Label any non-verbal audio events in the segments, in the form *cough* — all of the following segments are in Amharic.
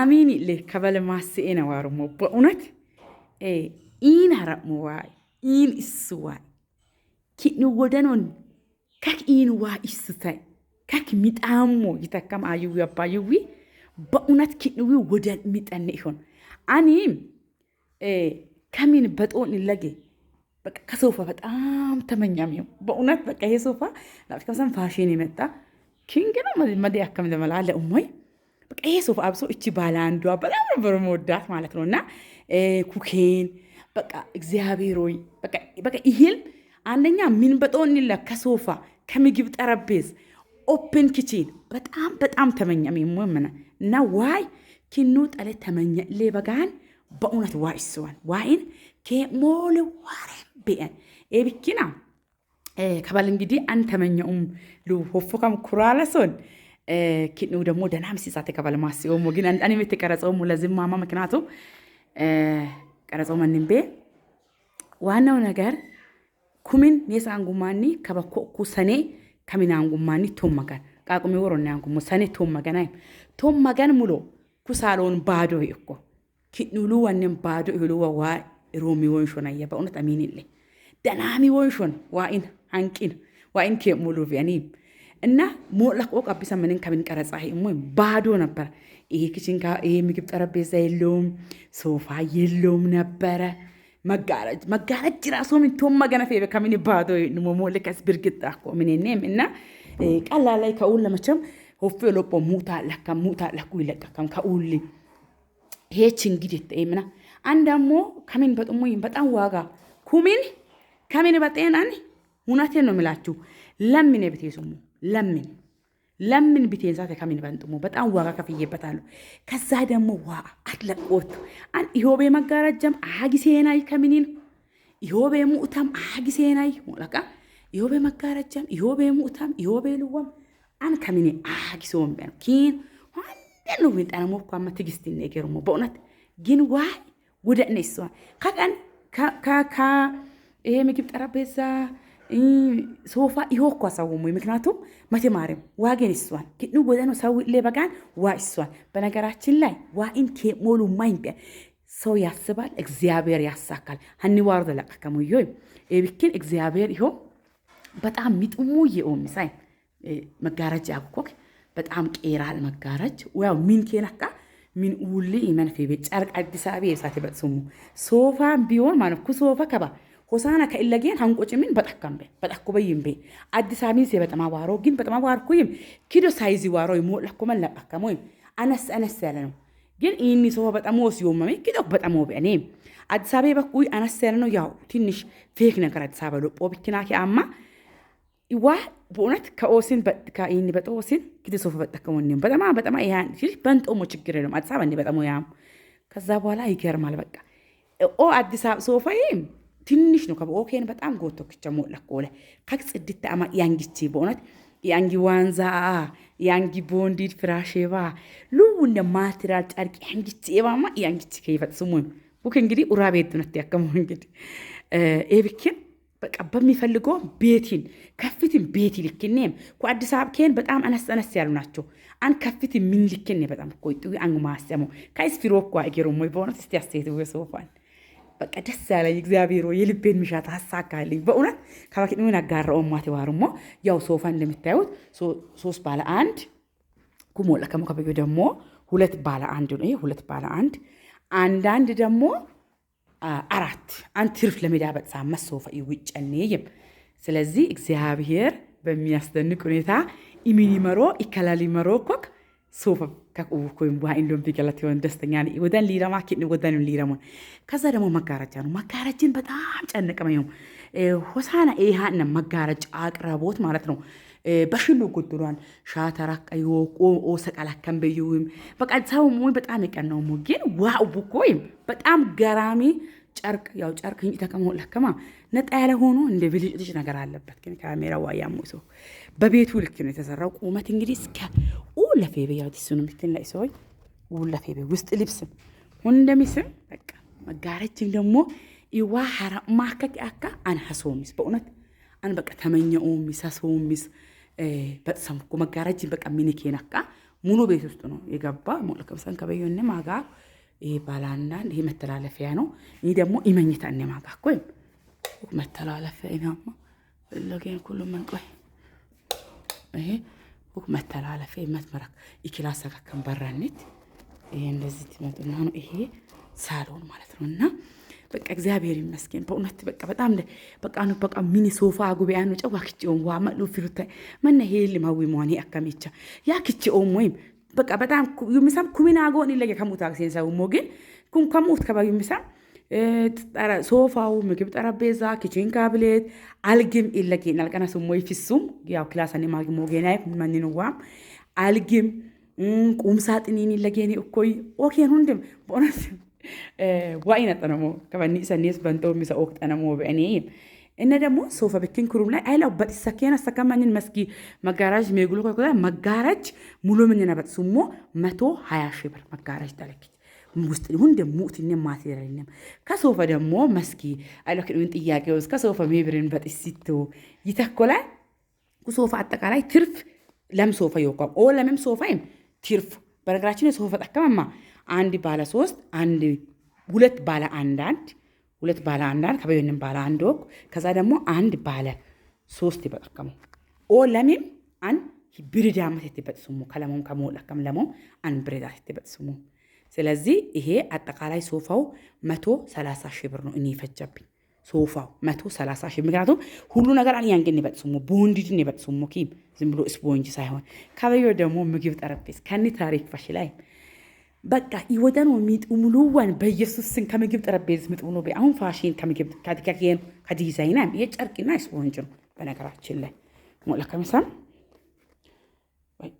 አሚን ሌ ከበለ ማስኤነ ዋሩሞ በእውነት ኢን ሀረሙ ዋይ ኢን እሱ ዋይ ኪን ወደኖን ከክ ኢን ዋ እሱታይ ከክ ሚጣሞ ይተከም አዩዊ አባዩዊ በእውነት ኪንዊ ወደን ሚጠን ይሆን አኒም ከሚን በጦን ለጌ በቃ ከሶፋ በጣም ተመኛም ይሁን በእውነት በቃ ይሄ ሶፋ ላጭቀምሰን ፋሽን የመጣ ኪንግ ነው መዲ አከም ለመላለ እሞይ በቃ ይሄ ሶፋ አብሶ እቺ ባለ አንዷ በጣም ነበር መወዳት ማለት ነው። እና ኩኬን በቃ እግዚአብሔር ሆይ በቃ ይህን አንደኛ ምን በጦን ይላ ከሶፋ ከምግብ ጠረጴዝ ኦፕን ኪችን በጣም በጣም ተመኛ ሚሞምነ እና ዋይ ኪኑ ጠለ ተመኘ ሌ በጋን በእውነት ዋይ ስዋን ዋይን ከሞል ዋረ ብአን ኤብኪና ከባል እንግዲህ አንተመኛውም ሉ ሆፎ ኩራለሶን ኪድኑ ደግሞ ደህና ምሲሳ ተቀበልማስ ሞ ግን አንዳን የምትቀረጸው ለዝማማ ምክንያቱ ቀረጸው መንንቤ ዋናው ነገር ኩሚን ሜሳ አንጉማኒ ከበኮኩ ሰኔ ከሚና አንጉማኒ ቶመገን ቃቁሚ ወሮኒ አንጉሙ ሰኔ ቶመገን አይም ቶመገን ሙሎ ኩሳሎን ባዶ እኮ ኪድኑሉ ወንም ባዶ ይሉ ዋ ሮሚ ወንሾን አየ በእውነት አሚንልኝ ደናሚ ወንሾን ዋኢን አንቂን ዋኢን ኬሙሉ ቪያኒም እና ሞላቆ ቀቢሰ ምንን ከምን ቀረጻ ሞ ባዶ ነበር። ይሄ ክችን ይሄ ምግብ ጠረጴዛ የለውም፣ ሶፋ የለውም ነበረ። መጋረጅ መጋረጅ ራሶም ቶም መገነፌ ከምን ባዶ ሞሞልከስ ብርግጣ ምንኔም እና ቀላ ላይ ከኡል ለመቸም ሆፌ ሎፖ ሙታ ለካ ሙታ ለኩ ይለቀከም ከኡል ሄች እንግዲህ ተይምና አንዳሞ ከምን በጥሙ በጣም ዋጋ ኩሚን ከምን በጤናን ሁናቴ ነው የምላችሁ ለምን ቤቴ ሱሙ ለምን ለምን ቢቴንሳ ከሚን በንጥሞ በጣም ዋጋ ከፍዬበታለሁ። ከዛ ደግሞ ዋ አትለቆት አን ኢዮቤ መጋረጀም አጊሴናይ ከሚኒን ኢሆቤ ሙኡተም አሀጊሴናይ ሞለቃ ኢሆቤ መጋረጀም ኢሆቤ ሙኡተም ኢሆቤ ልወም አን ከሚኒ አጊሶም ኪን ዋንደን ነው ዊንጠነሞ እኳ ማ ትግስት ነገርሞ በእውነት ግን ዋይ ጉደኔ ስዋ ከቀን ይሄ ምግብ ጠረጴዛ ሶፋ ኢሆኮ አሳውሙ ምክንያቱም መቴማርም ዋጌን እሷን ክኑ ጎደኖ ሰው ሌ በጋን ዋ እሷን በነገራችን ላይ ዋኢን ኬሞሉ ማይንቢያ ሰው ያስባል፣ እግዚአብሔር ያሳካል። ሀኒ ዋሩ ተለቀከሙዮ ኤብኪን እግዚአብሔር ይሆ በጣም ሚጥሙ የኦሚሳይ መጋረጅ አብኮክ በጣም ቄራል መጋረጅ ያው ሚን ኬናካ ሚን ውል ኢመን ፌቤ ጨርቅ አዲስ አበባ የሳት በጽሙ ሶፋ ቢሆን ማለት ኩ ሶፋ ከባ ሆሳና ከእለጌን ሀንቆጭምን በጠከምቤ በጠኩበይምቤ አዲስ አበባ ሴ በጠማ ዋሮ ግን በጠማ ዋርኩይም ኪዶ ሳይዚ ዋሮ ሞለኩመን ለጠከሞይም አነስ አነስ ያለ ነው ግን ይህኒ ሰው በጠሞ ሲዮመሜ ኪዶ በጠሞ ቢያኔ አዲስ አበባ በኩ አነስ ያለ ነው። ያው ትንሽ ፌክ ነገር አዲስ አበባ ሎጶ ብኪና ኪአማ ይዋ በእውነት ከኦሲን ከይህኒ በጦሲን ኪዶ ሰው በጠከሞኒም በጠማ በጠማ ያን ሲል በንጦሞ ችግር የለም አዲስ አበባ እንዲ በጠሞ ያም ከዛ በኋላ ይገርማል በቃ ኦ አዲስ አበባ ሶፋይም ትንሽ ነው ከበኦኬን በጣም ጎቶክቸ ሞለኮለ ከክ አማ ያንጊቺ በእውነት ያንጊ ዋንዛ ያንጊ ቦንዲድ ፍራሼባ ሉውነ ማትራል ጨርቅ ያንጊቺ ኤባማ ያንጊቺ ከይፈት ስሙ ቡክ እንግዲህ ኡራቤ ድነት ያከሙ እንግዲህ ኤብኬን በቃ በሚፈልገው ቤቲን ከፍትን ቤቲ ልክኔም ከአዲስ አበባ ከን በጣም አነስ አነስ ያሉ ናቸው። አን ከፍትን ምን ልክኔ በጣም ቆይጡ አንግ ማሰሙ ከይስ ፊሮኳ እጌሮሞ በሆነት ስቲ አስተያየት ወሰፋል በቃ ደስ ያለኝ እግዚአብሔር የልቤን ምሻት አሳካልኝ። በእውነት ከበኪን አጋረው ማት ዋርሞ ያው ሶፋ እንደምታዩት ሶስት ባለ አንድ ኩሞላ ከሞከበዮ ደግሞ ሁለት ባለ አንድ ነው። ሁለት ባለ አንድ አንዳንድ ደግሞ አራት ትርፍ ለሜዳ በጻ ሳመት ይውጨኔ ይውጨኔይም ስለዚህ እግዚአብሔር በሚያስደንቅ ሁኔታ ኢሚኒመሮ ኢከላሊመሮ ኮክ ሶፋ ከቁቡኮይም ቡሃ እንዶን ቢገላት ሆን ደስተኛ ወደን ሊረማ ኪድ ወደን ሊረሙን ከዛ ደግሞ መጋረጃ ነው። መጋረጅን በጣም ጨነቀመኝ። ሆሳና ይሃነ መጋረጃ አቅርቦት ማለት ነው። በሽሉ ጉድሏን ሻተራ ቀዮቆ ኦሰቃላ ከምበዩም በቃ ሰው ሙይ በጣም የቀነው ሙጊን ዋው ቡኮይም በጣም ገራሚ ጨርቅ ያው ጨርቅ እንጂ ተቀመው ለከማ ነጣ ያለ ሆኖ እንደ ብልጭልጭ ነገር አለበት። ግን ካሜራ ዋያሙ ሰው በቤቱ ልክ ነው የተሰራው። ቁመት እንግዲህ እስከ ለፌቤ ያው ዲሱን ምትል ላይ ሰዎች ለፌቤ ውስጥ ልብስም እንደሚስም በቃ መጋረችን ደግሞ ይዋ ሐራ ማከክ አካ አንሐሶሚስ በእውነት አን በቃ ተመኘኦሚስ ሐሶሚስ በጥሰምኩ መጋረጅ በቃ ሚኒኬን አካ ሙሉ ቤት ውስጥ ነው የገባ ሙለከብሰን ከበዩን ማጋ ይሄ ባላና ይሄ መተላለፊያ ነው። ይህ ደግሞ ይመኝታ እኔ ማጋ እኮ መተላለፊያ ይናማ ለጌን ሁሉ መንቆይ ይሄ መተላለፊያ መትመራ ኢኪላ አሰካከም በራኔት ይሄ እንደዚህ ትመጡና ነው ይሄ ሳሎን ማለት ነው። እና በቃ እግዚአብሔር ይመስገን በእውነት በቃ በጣም በቃ ነው በቃ ሚኒ ሶፋ ጉቢያ ነው ጨዋ ክቺ ኦን ዋ ማሉ ፍሩታ መነ ሄል ማዊ ሞኒ አካሚቻ ያ ክቺ ኦን ወይም በቃ በጣም የሚሳም ኩሚና ጎን ይለየ ከሙታ ሴንሳ ሞግን ኩም ከሙት ከባዩ የሚሳም ሶፋው፣ ምግብ ጠረጴዛ፣ ኪችን ካብሌት አልግም ኢለጌናል ናልቀና ስሞ ይፍሱም ያው ክላሳኔ ማግሞጌናይ መኒንዋ አልግም ቁምሳጥኒን ይለጌኒ እኮይ ኦኬን ሁንድም በእውነት ዋኢና ጠነሞ ከበኒ ሰኔስ በንቶ ሚሰ ኦክ ጠነሞ በእኔ እነ ደግሞ ሶፋ ብክን ክሩም ላይ አይላው በጥሳ ኬና ሰከማኝን መስጊ መጋራጅ ሜጉሎ ኮኮዳ መጋራጅ ሙሉ ምን ነበጥ መቶ ሀያ ሺ ብር መጋራጅ ጠለኪ ውስጥ ሁን ደግሞ ትነ ማሴረልንም ከሶፈ ደሞ መስኪ አለክን ጥያቄ ውስጥ ከሶፈ ሜብርን በጥሲቱ ይተኮላል ሶፋ አጠቃላይ ትርፍ ለም ሶፋ ይወቋም ኦ ለምም ሶፋይም ትርፍ በነገራችን የሶፋ ጠቀመማ አንድ ባለ ሶስት አንድ ሁለት ባለ አንዳንድ ሁለት ባለ አንዳንድ ከበዮንም ባለ አንድ ወቅ ከዛ ደግሞ አንድ ባለ ሶስት ይበጠቀሙ ኦ ለሚም አን መት የትበጥስሙ ከለሞም ከሞ ለከም ለሞም አን ብሬዳት የትበጥስሙ ስለዚህ ይሄ አጠቃላይ ሶፋው 130 ሰላሳ ሺህ ብር ነው እኔ የፈጀብኝ ሶፋው 130 ሰላሳ ሺህ ምክንያቱም ሁሉ ነገር አን ያንገን ይበጥሱሞ ቦንዲድን ይበጥሱሞ ኪም ዝም ብሎ ስፖንጅ ሳይሆን ከበዮ ደግሞ ምግብ ጠረጴዝ ከኒ ታሪክ ፈሽ ላይ በቃ ይወደን ሙሉዋን በኢየሱስ ስም ከምግብ ጠረጴዝ ነው አሁን ፋሽን ከምግብ ከዲዛይና ይሄ ጨርቅና ስፖንጅ ነው በነገራችን ላይ ሞለከመሳም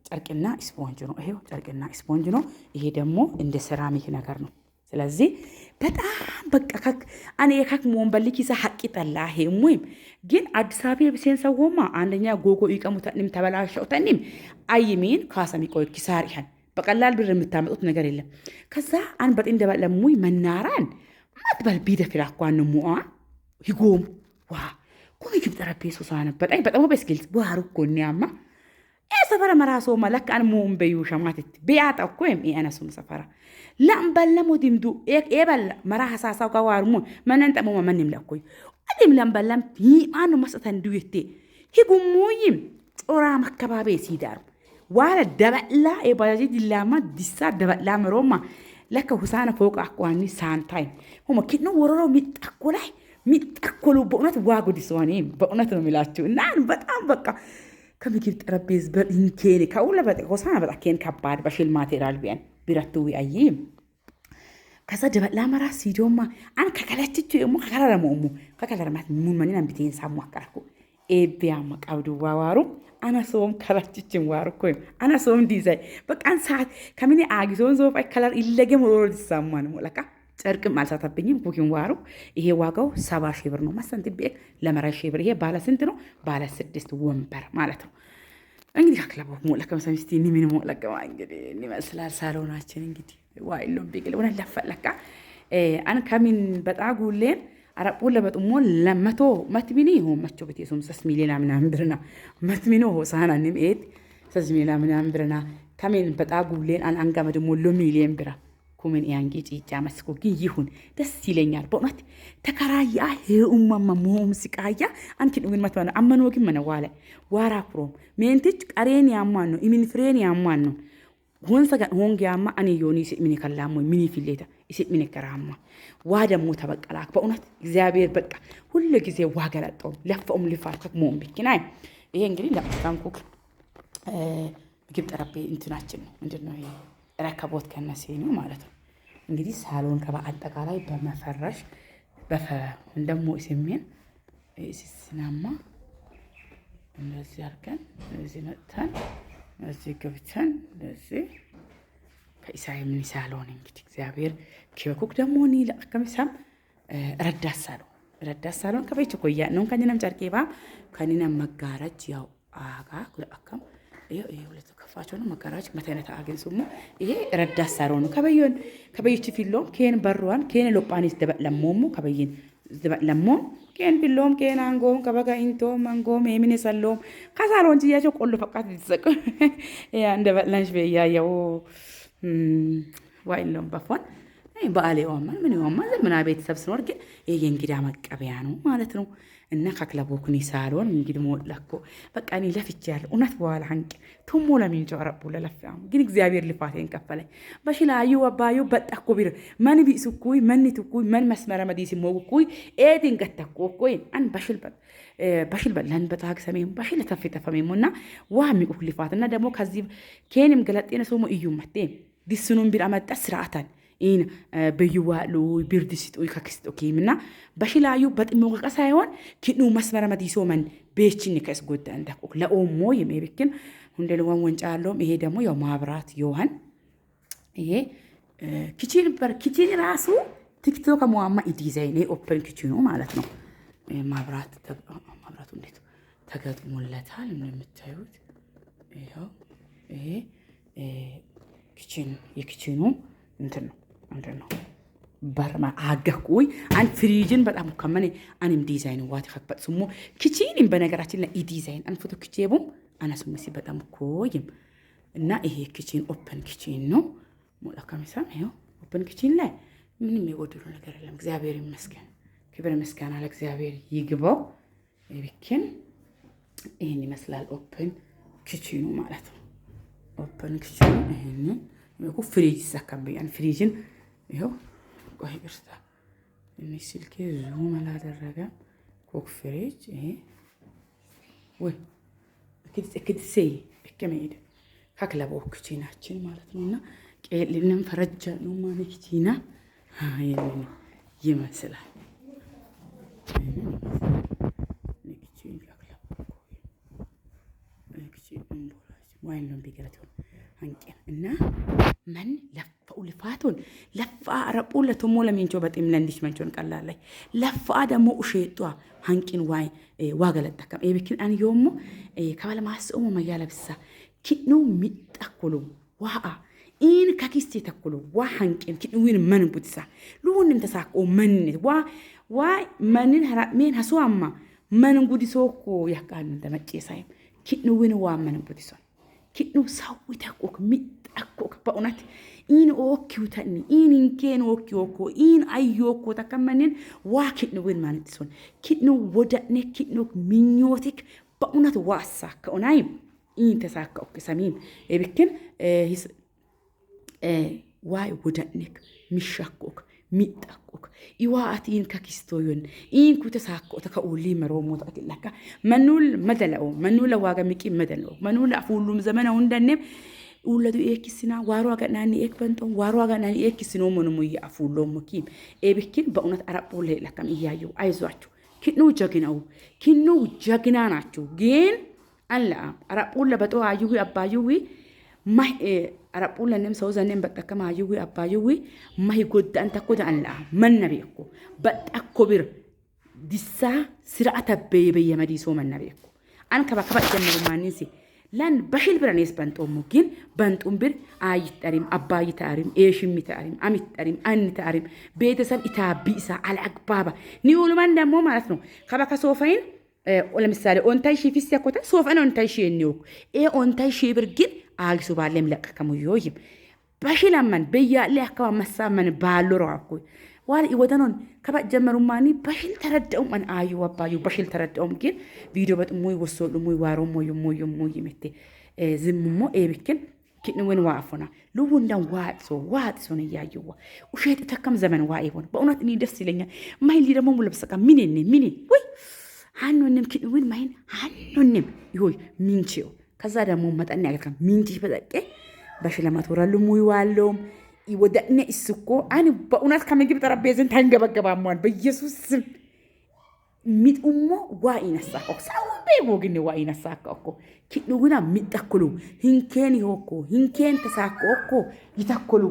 ጨርቅና ስፖንጅ ነው። ይሄው ጨርቅና ስፖንጅ ነው። ይሄ ደግሞ እንደ ሴራሚክ ነገር ነው። ስለዚህ በጣም በቃ ከክ አኔ የከክ ሞንበል ኪሳ ሀቂ ጠላ ሄሙም ግን አዲስ አበባ የብሴን ሰዎማ አንደኛ ጎጎ ይቀሙ ተንም ተበላሸው ተንም አይሚን ካሰሚ ቆይ ኪሳር ይሄን በቀላል ብር የምታመጡት ነገር የለም። ከዛ አን አንበጥ እንደበለሙይ መናራን ማትበል ቢደ ኳን ነው ሙአ ይጎም ዋ ኩሚ ግብ ጠረጴሶ ሳነበጣይ በጣም በስኪልት ዋሩ ኮኒያማ safara maraa soomaa lakkaan muun beeyuu shamaatitti be'aata okkoo ee ana sun safara laan balla mootiin duu ee balla maraa hasaasaa kaa waarumun manan xamuma mannim lakkoo adim laan ballam hiimaanu masatan duuyette higummuuyyim coraa makkabaa beesii daaru waala dabalaa ee bajaajii dillaama dissaa dabalaa marooma lakka husaana fooqa akkoani saantaayim homa kinno wororoo mixakkolaay mixakkolu በእውነት ዋጉድ ሲሆን በእውነት ነው የሚላችሁ እና በጣም በቃ ከምግብ ጠረጴዝ ኬን ከሁለ በጤቆሳ በጣኬን ከባድ በሽልማቴራል ቢያን ቢረቱ ቢአይም ከዛ ደበላ መራ ሲዶማ አን ከከለችቹ ሞ ከከለረመሙ ከከለረማት ሙመኒን አንቢቴን ሳሙ አቀረኩ ኤቢያማ ቀብዱ ዋዋሩ አናሶም ከላችችን ዋርኮ አናሶም ዲዛይ በቃን ሰዓት ከምን አጊሶን ዞፋይ ከለር ኢለገ ሞሮሮ ዲሳማን ሞለቃ ጨርቅም አልሳተብኝም። ኩኪን ዋሩ ይሄ ዋጋው ሰባ ሺህ ብር ነው። ማሰንት ቤል ለመራ ሺህ ብር ይሄ ባለ ስንት ነው? ባለ ስድስት ወንበር ማለት ነው። እንግዲህ አክለቦ ሞለከም ሰሚስቲ ኒሚን ሞለከማ እንግዲህ እንመስላል ሳሎናችን እንግዲህ ዋይሎም ቢግል ወና ለፈለካ አን ከሚን በጣ ጉሌን አረቁ ለበጥሞ ለመቶ መትሚኒ ሆ መቾ ቤት የሱም ሰስ ሚሊና ምናምን ብርና መትሚኖ ሆሳና ንም ኤት ሰስ ሚሊና ምናምን ብርና ከሚን በጣ ጉሌን አን አንጋመድሞ መድሞ ብራ ኩምን ያንጌ ጭጫ መስኮ ግን ይሁን ደስ ይለኛል በእውነት ተከራያ ህኡማማ ሞም ስቃያ አንቲ ዱግን መትዋነ አመኖ ግን መነ ዋለ ዋራ ኩሮም ሜንቲች ቀሬን ያማን ነው ኢሚን ፍሬን ያማን ነው ሆንሰ ጋር ሆንግ ያማ አኔ ዮኒ ሲሚን ከላሞ ሚኒ ፊሌታ ሲሚን ከራማ ዋ ደሞ ተበቀላክ በእውነት እግዚአብሔር በቃ ሁሉ ጊዜ ዋ ገለጠው ለፈውም ልፋርከክ ሞም ቢኪናይ ይሄ እንግዲህ ለምታንኩክ ምግብ ጠረጴ እንትናችን ነው ምንድን ነው ረከቦት ከነሴኑ ማለት ነው እንግዲህ ሳሎን ከበአጠቃላይ በመፈረሽ በፈ- ደግሞ ስሜን ሲስናማ እንደዚህ አድርገን እንደዚህ መጥተን እንደዚህ ገብተን እንደዚህ ከኢሳይ ምን ሳሎን እንግዲህ እግዚአብሔር ኪበኩክ ደግሞ ኒ ለከሚሳም ረዳት ሳሎን ረዳት ሳሎን ከበይት ኮያ ነው ከኒነም ጨርቄ ባ ከኒነም መጋረጅ ያው አጋ ኩለ አከም ይሄ ሁለት ጥፋቸውን መከራች መተነታ አገንሱሙ ይሄ ረዳ ሳሮ ነው ከበዮን ከበይች ፊሎም ኬን በሯን ኬን ሎጳኒስ ደበ ለሞሙ ከበይን ደበ ለሞም ኬን ቢሎም ኬን አንጎም ከበጋ ኢንቶ አንጎም ሄሚኔ ሰሎም ከሳሎን ጂያቾ ቆሎ ፈቃት ይዘቁ *laughs* ያ እንደ እንደበላሽ በያያው ዋይሎም በፏን በዓል የዋማል ምን የዋማል ዘምና ቤተሰብ ስኖር ግን ይሄ እንግዳ መቀበያ ነው ማለት ነው። እና ካክለቦኩን ይሳሎን እንግዲ ሞላኮ በቃ እኔ ያለ እውነት በኋላ አንቅ ቱሞ ለሚንጮ ረቡ ለለፍያም ግን እግዚአብሔር ልፋቴን በሽላ አዩ አባዩ በጣኮ ቢር መን ቢሱኩይ መን ትኩይ መን መስመረ መዲስ ሞኩይ ኤቲን ገተኮ ኮይ አን በሽል በ በሽል በላን በታክ ሰሜን በሽል ተፈ ተፈሜሙና ዋሚ ቁልፋትና ደግሞ ከዚህ ኬንም ገለጤነ ሰሞ እዩ መቴ ዲስኑን ቢር አመጣ ስርዓታን ኢን ብይዋሉ ቢርድ ሲጡ ከክስጡ ኪምና በሽላዩ በጥሞቅ ቀሳይሆን ኪኑ መስመረ መዲሶ መን ቤችን ከስ ጎዳን ተቆ ለኦሞ የሜሪክን ሁንደልዋን ወንጫሎም ይሄ ደግሞ ያው ማብራት ዮሐን ይሄ ኪችን በር ኪችን ራሱ ቲክቶክ ሙአማ ዲዛይን ይሄ ኦፕን ኪችኑ ማለት ነው። ማብራት ማብራቱ እንዴት ተገጥሞለታል እንደምታዩት ይሄ ይሄ ኪችን የኪችኑ እንትን ነው። ምንድን ነው barama አገኩኝ አን ፍሪጅን በጣም ከመኔ አንም ዲዛይን ዋት ስሙ ኪቺንም በነገራችን ላይ ዲዛይን አን ፎቶ ኪቼቡም አናስመሲ በጣም ኮይም እና ይሄ ኪቺን ኦፕን ኪቺን ነው ሞላ ከሚሳ ነው ኦፕን ኪቺን ላይ ምንም የጎደሉ ነገር የለም። እግዚአብሔር ይመስገን፣ ክብር ምስጋና ለእግዚአብሔር ይግባው። ይብክን ይህን ይመስላል ኦፕን ኪቺኑ ማለት ነው። ኦፕን ኪቺኑ ይህንን ፍሪጅ ይሳካብኛል ፍሪጅን ይኸው ቆይ ቅርታ ትንሽ ስልኬ ዙም አላደረገም። ኮክ ፍሬጅ ይሄ ወይ እክድ እክድ ክትሴ እከመሄደ ካክለቦ ኩቺናችን ማለት ነው እና ቄልንም ፈረጃ ነው ማለ ክቺና ይህንን ይመስላል። እና መን ለፍ ልፋቱን ለፋ ረቁለ ቶሞ ለሚንቾ በጤም ለንዲች መንቾን ቀላለይ ለፋ ደግሞ ኡሼጧ ሀንቂን ዋይ ዋገለጠከም ኤብክን አንዮሞ ከባለማስኦሞ መያለብሳ ኪኑ ሚጠኩሉ ዋአ ኢን ከኪስቴ ተኩሉ ዋ ሀንቂን ኪኑዊን መን ቡትሳ ሉውንም ተሳቆ መንን ዋ ዋ መንን ሜን ሀሱአማ መን ጉዲሶኮ ያቃንን ተመጬሳይም ኪኑዊን ዋ መን ቡትሶን ኪኑ ሳዊ ተቆክ ሚጥ እኮ በእውነት ኢን ኦኪው ተኒ ኢን ኢንኬን ኦኪ ኦኮ ኢን አዮ ኦኮ ተከመንን ዋ ኪድንውን ማለት ሲሆን ኪድኖ ወደኔ ኪድኖ ምኞቲክ በእውነት ዋሳ ከኦናይ ኢን ተሳካ ኦኪ ሰሚም ኤብክን ዋይ ወደኔክ ሚሻኮክ miidhaguk iwaatiin kakistoyon iin kute saakkoota ka uulii maroomoota akillakka manuul madala'o manuula waaga miqii madala'o manuula afuulluum zamana hundanneem uladu ekisina waሩ አገናኒ ኤክበንጦን ዋሩ አገናኒ ኤክስኖ ሞኖሙ ያፉሎ ሙኪም ኤብኪን በእውነት አራቦ ለላከም እያየው አይዟችሁ ኪኑ ጀግናው ኪኑ ጀግና ናችሁ ግን አላ አራቦ ለበጦ አዩዊ አባዩዊ ማህ አራቦ ለነም ሰው ዘነም በጠከማ አዩዊ አባዩዊ ማህ ጎዳ አንተኮ ዳላ መነቢ እኮ በጠኮ ቢር ዲሳ ስርዓተ በየበየ መዲሶ መነቢ እኮ አንከባ ከባ ጀመሩ ማንንሲ ለን በሽል ብረን የስበንጦሙ ግን በንጡም ብር አይጠሪም አባ ይታሪም ኤሽም ይታሪም አሚጠሪም አንታሪም ቤተሰብ ኢታቢ ኢሳ አልአግባባ ኒውልማን ደግሞ ማለት ነው ከበከ ሶፋይን ለምሳሌ ኦንታይ ሺ ፊስ ያኮተ ሶፋን ኦንታይ ሺ የኒውኩ ኤ ኦንታይ ሺ ብር ግን አግሱ ባለም ለቀከሙ ዮይም በሽላመን በያለ አካባ መሳመን ባሎ ረዋኩ ዋል ወደኖን ከባ ጀመሩማኒ በሽል ተረዳውም አን አዩ አባዩ በሽል ተረዳውም ግን ቪዲዮ በጥ ሙይ ወሶሉ በጥሙይ ወሶልሙይ ሙይ ሙይ ዮሞ ይመቴ ዝምሞ ኤብክን ኪን ወን ኪንወን ዋአፎና ልውንዳን ዋጥሶ ዋጥሶን ያዩዋ ውሸጥ ተከም ዘመን ዋይ ሆነ በእውነት እኔ ደስ ይለኛል። ማይሊ ደግሞ ሙለብሰቃ ሚኔን ሚኔ ወይ ሃኖንም ኪንውን ማይን ሃኖንም ይሆይ ሚንቺዮ ከዛ ደግሞ መጠን ያገልከ ሚንቺ በጠቄ በሽለማት ወራሉ ሙይ ዋለውም ወደነ እስኮ አን በእውነት ከምግብ ጠረጴዝን ታንገበገባሟል። በኢየሱስ ስም ሚጥሞ ዋ ይነሳ ሰውቤ ጎግን ዋ ይነሳ እኮ ኪድጉና ሚጠክሉ ሂንኬን ይሆኮ ሂንኬን ተሳኮ እኮ ይተክሉ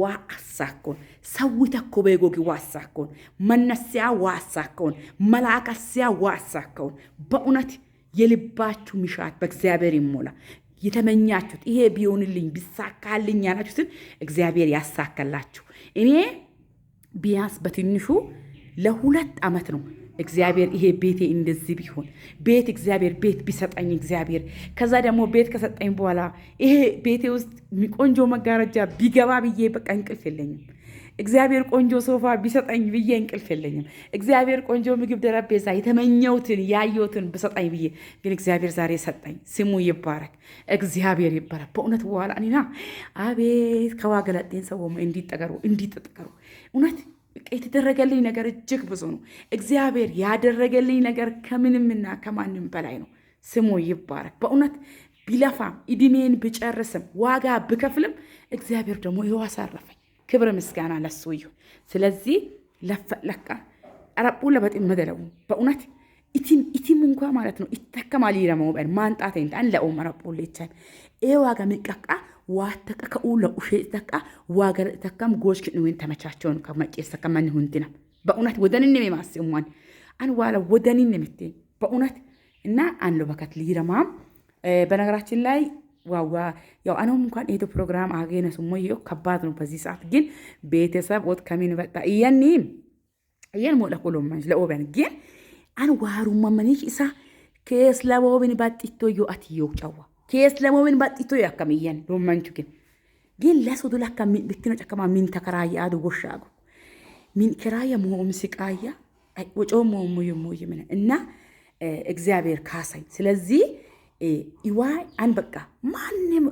ዋ አሳኮን ሰዊ ተኮ ቤጎጊ ዋ አሳኮን መነስያ ዋ አሳኮን መላከስያ ዋ አሳኮን በእውነት የልባችሁ ምሻት በእግዚአብሔር ይሞላ። የተመኛችሁት ይሄ ቢሆንልኝ ቢሳካልኝ ያላችሁትን እግዚአብሔር ያሳካላችሁ። እኔ ቢያንስ በትንሹ ለሁለት ዓመት ነው እግዚአብሔር ይሄ ቤቴ እንደዚህ ቢሆን ቤት እግዚአብሔር ቤት ቢሰጠኝ እግዚአብሔር ከዛ ደግሞ ቤት ከሰጠኝ በኋላ ይሄ ቤቴ ውስጥ ቆንጆ መጋረጃ ቢገባ ብዬ በቃ እንቅልፍ የለኝም። እግዚአብሔር ቆንጆ ሶፋ ቢሰጠኝ ብዬ እንቅልፍ የለኝም። እግዚአብሔር ቆንጆ ምግብ ጠረጴዛ፣ የተመኘሁትን ያየሁትን ብሰጠኝ ብዬ ግን እግዚአብሔር ዛሬ ሰጠኝ። ስሙ ይባረክ፣ እግዚአብሔር ይባረክ። በእውነት በኋላ እኔና አቤት ከዋገላጤን ሰው እንዲጠገሩ እንዲጠጠቀሩ እውነት የተደረገልኝ ነገር እጅግ ብዙ ነው። እግዚአብሔር ያደረገልኝ ነገር ከምንምና ከማንም በላይ ነው። ስሙ ይባረክ። በእውነት ቢለፋም እድሜን ብጨርስም ዋጋ ብከፍልም እግዚአብሔር ደግሞ ይኸው አሳረፈኝ። ክብር ምስጋና ለሱ ይሁን። ስለዚህ ለፈለካ ጠረጴ ለበጢም መደለው በእውነት ኢቲም ኢቲም እንኳ ማለት ነው ይተከማል ይረመው ማንጣት እንታን ለኦም ረቦል ይቻል ኤ ዋጋ ምቀቃ ዋተቀ ከኡ ለኡሼ ተቃ ዋገር ተከም ጎሽ ክንውን ተመቻቸውን ከመቄስ ተከመን ሁንቲና በእውነት ወደንን የማስሙን አን ዋለ ወደንን የምትይ በእውነት እና አንሎ በከት ሊረማም በነገራችን ላይ ዋዋ ያው አነውም እንኳን ኢትዮ ፕሮግራም አገነ ስሞየው ከባድ ነው። በዚህ ሰዓት ግን ቤተሰብ ወጥ ከሚን በጣ እየኒ እየን ሞላ ኮሎማን ለኦበን ግን አን ዋሩ ማመኒሽ ኢሳ ከስ ለቦብን ባጥቶ ዮ አትዮ ጫዋ ከስ ለቦብን ባጥቶ ዮ አከም እየን ሎማንቹ ግን ግን ለሱ ዱላ ከሚ ብትነ ጫከማ ሚን ተከራያ አዱ ወሻጉ ሚን ከራያ ሞም ሲቃያ ወጮ ሞም ሞይ ሞይ እና እግዚአብሔር ካሳይ ስለዚህ ይዋይ በቃ ማንም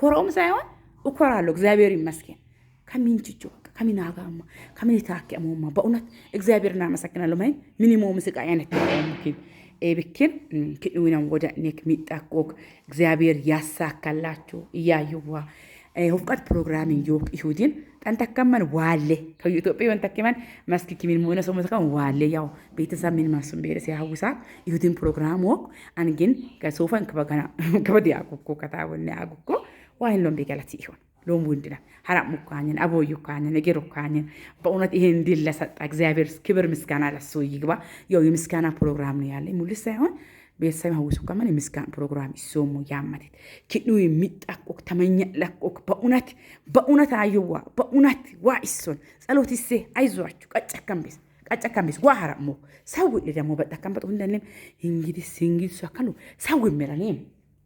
ኮረውም ሳይሆን እኮራለሁ። እግዚአብሔር ይመስገን። ከሚን ችቾ ከሚን አጋማ ከሚን የታከመውማ በእውነት እግዚአብሔር እናመሰግናለሁ። ማይ ሚኒሞም ስቃ አይነት ምክን ኤብክን ክእውነም ወደ ኔክ ሚጠቆቅ እግዚአብሔር ያሳካላችሁ እያዩዋ የውፍቀት ፕሮግራም ዮክ ኢሁዲን ጠንተከመን ዋሌ ከኢትዮጵያ ወንተከመን መስክ ኪሚን ሞነ ሰው መስከን ዋሌ ያው ቤተሰብ ምን ማሱም ቤረ ሲያውሳ ኢሁዲን ፕሮግራም ወክ አንግን ከሶፋን ከበገና ከበዲ አቁኩ ከታውን አቁኩ ዋይን ሎም ቤገላት ይሁን ሎም ወንድና ሐራም ሙካኝን አቦይ ሙካኝን ነገር ሙካኝን በእውነት ይሄ እንዲል ለሰጣ እግዚአብሔር ክብር ምስጋና ለሱ ይግባ። ያው የምስጋና ፕሮግራም ነው ያለ ሙሉ ሳይሆን beeksisa hawwisu qaban misgaan pirogiraamii soomuu yaammatit kidhuu miidhaqook tamanya laqqook ba'unati ba'unat ayyuwa ba'unati waa isson ጸሎትሴ አይዟችሁ ቀጨከምቤስ ቀጨከምቤስ ጓ ሀረሞ ሰው ደግሞ በጠቀምበት ሁንደንም እንግዲህ ሲንግል ሰከሉ ሰው የሚረኔም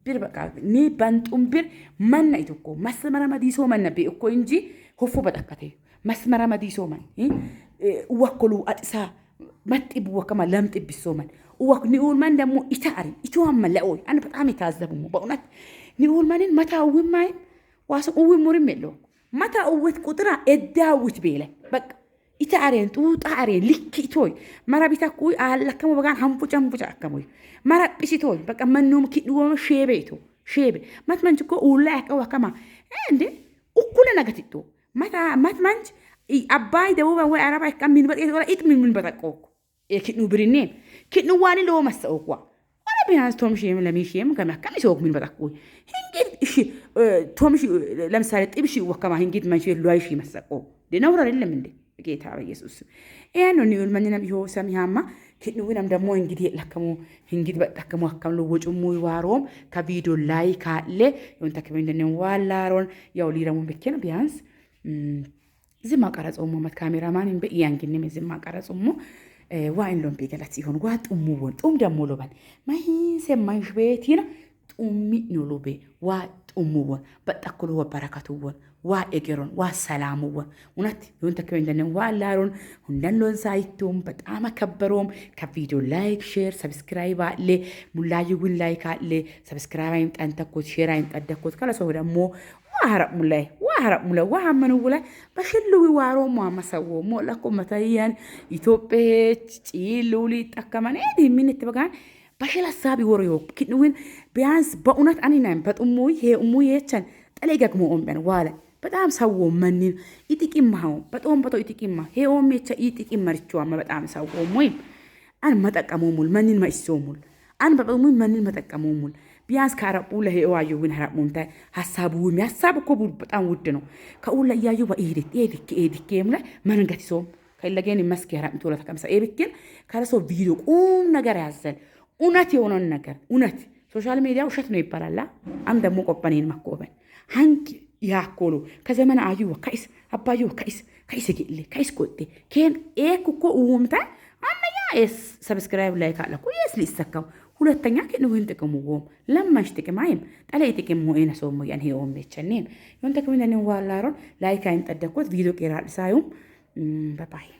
bir baka ni bantum bir manna itoko masmara madiso manna be ko inji hofu badakate masmara madiso man wakolu atsa matib wakama lamtib bisoman ወቅ ኒኡልማን ደግሞ ይታሪ ይትዋመ ለኦይ አነ በጣም የታዘቡ በእውነት ኒኡልማንን መታ ውማይም ዋሰ እዊ ሙርም የለው መታ እውት ቁጥራ ኤዳውት ቤለ በቃ ኢታሬን ጡጣሬን ልክ ኢቶይ መራ ቢታኩ አለከሙ በጋን ሀንፉ ጨንፉጫ አከሙይ መራ በቃ መኑም ኪድወመ ሼቤ ሼቤ መት መንች ውላ ያቀው አከማ እንዴ እኩለ ነገትቶ መት አባይ ደቡበ ወይ አረባ ካ ሚንበጤ ኢጥ ሚንበጠቆ ኪድኑ ብሪኔም kidhu waani looma sa'okwa wala ቢያንስ ቶም ሺም ለሚሺም ከመካም ይሰውክ ምን በጣኩ እንግዲህ እሺ ቶም ሺ ለምሳሌ ጥብ ሺ ወከማ እንግዲህ ማን ሺ ሏይ ሺ መሰቆ ዲናውራ አይደለም እንዴ ጌታ በኢየሱስ ያን ነው ነው ማንና ቢሆ ሰሚያማ ክድውንም ደግሞ እንግዲህ ለከሙ እንግዲህ በጣከሙ አከም ነው ወጭሙ ይዋሮም ከቪዲዮ ላይ ካለ ይሁን ተከም እንደነ ዋላሮን ያው ሊረሙ በከን ቢያንስ ዝም አቀረጸው መመት ካሜራማን በያን ግን ዝም አቀረጸው ዋኢንሎን ቤገላት ሲሆን ጓ ጥሙውን ጡም ደሞ ሎባን ማሂንሴ ማይሽ ቤቲና ጡሚ ኖሎቤ ዋ ጥሙውን በጠኩሎ ወበረከትውን waa እግሩን ዋ ሰላሙወ እውነት ይሁን ተክበ እንደነ ዋ ላሩን ሁንደን ሎንሳይቱም በጣም አከበሮም ከቪዲዮ ላይክ ሼር ሰብስክራይብ አለ ሙላዩ ጉን ላይክ አለ ሰብስክራይብ አይምጠንተኮት ሼር አይምጠደኮት ከለሰሁ ደግሞ ዋህረቅ ሙላይ ዋህረቅ ሙላይ ዋሃመኑ ውላይ በሽልዊ ዋሮ ማመሰዎ ሞለኮ መተያን ኢትዮጵ ጭሉሊ ጠከመን ሚንት በጋን በሽል ሀሳብ ይወሩ ዮ ቢያንስ በእውነት አኒናም በጥሙ ይሄ እሙ የቸን ጠለይ ገግሞ ኦምበን ዋለ በጣም ሰው መኒን ይጥቂማው በጣም በጣም ይጥቂማ ሄኦም የቻ ይጥቂም መርቹዋ በጣም ሰው ሞይ አን መጠቀሙ ሙል መኒን ማይሶ ሙል አን በጣም መኒን መጠቀሙ ሙል ቢያንስ ካራቁ ለሄዋ ግን ሀራቁን ታይ ሐሳቡ የሚያሳብ እኮ በጣም ውድ ነው ከሁላ ያዩ በኢዲት ኢዲት ኢዲት ከሙለ መንገት ሶም ከለገን መስክ ሀራቁን ቶላ ተቀምሰ ኤብክን ካለሶ ቪዲዮ ቁም ነገር ያዘል እውነት የሆነን ነገር እውነት ሶሻል ሚዲያ ውሸት ነው ይባላል። አም ደግሞ ቆበኔን መኮበን ሀንኪ yaakkoolo kasa mana aayuwa ka'is abbaayuwa ka'is ka'ise jedhile ka'is godhe keen eekku koo uumta አንደኛ ሰብስክራይብ ላይ ካለኩ የስ ሊሰካው ሁለተኛ ግን ወይም ጥቅሙ ወም ለማሽ ጥቅም አይም ጠላይ ጥቅም ሆነ ሰው ያን ሄው መቸኔም ይሁን ተከምን ነው ዋላሮን ላይክ አይም ጠደኩት ቪዲዮ ቄራ ሳዩም በባይ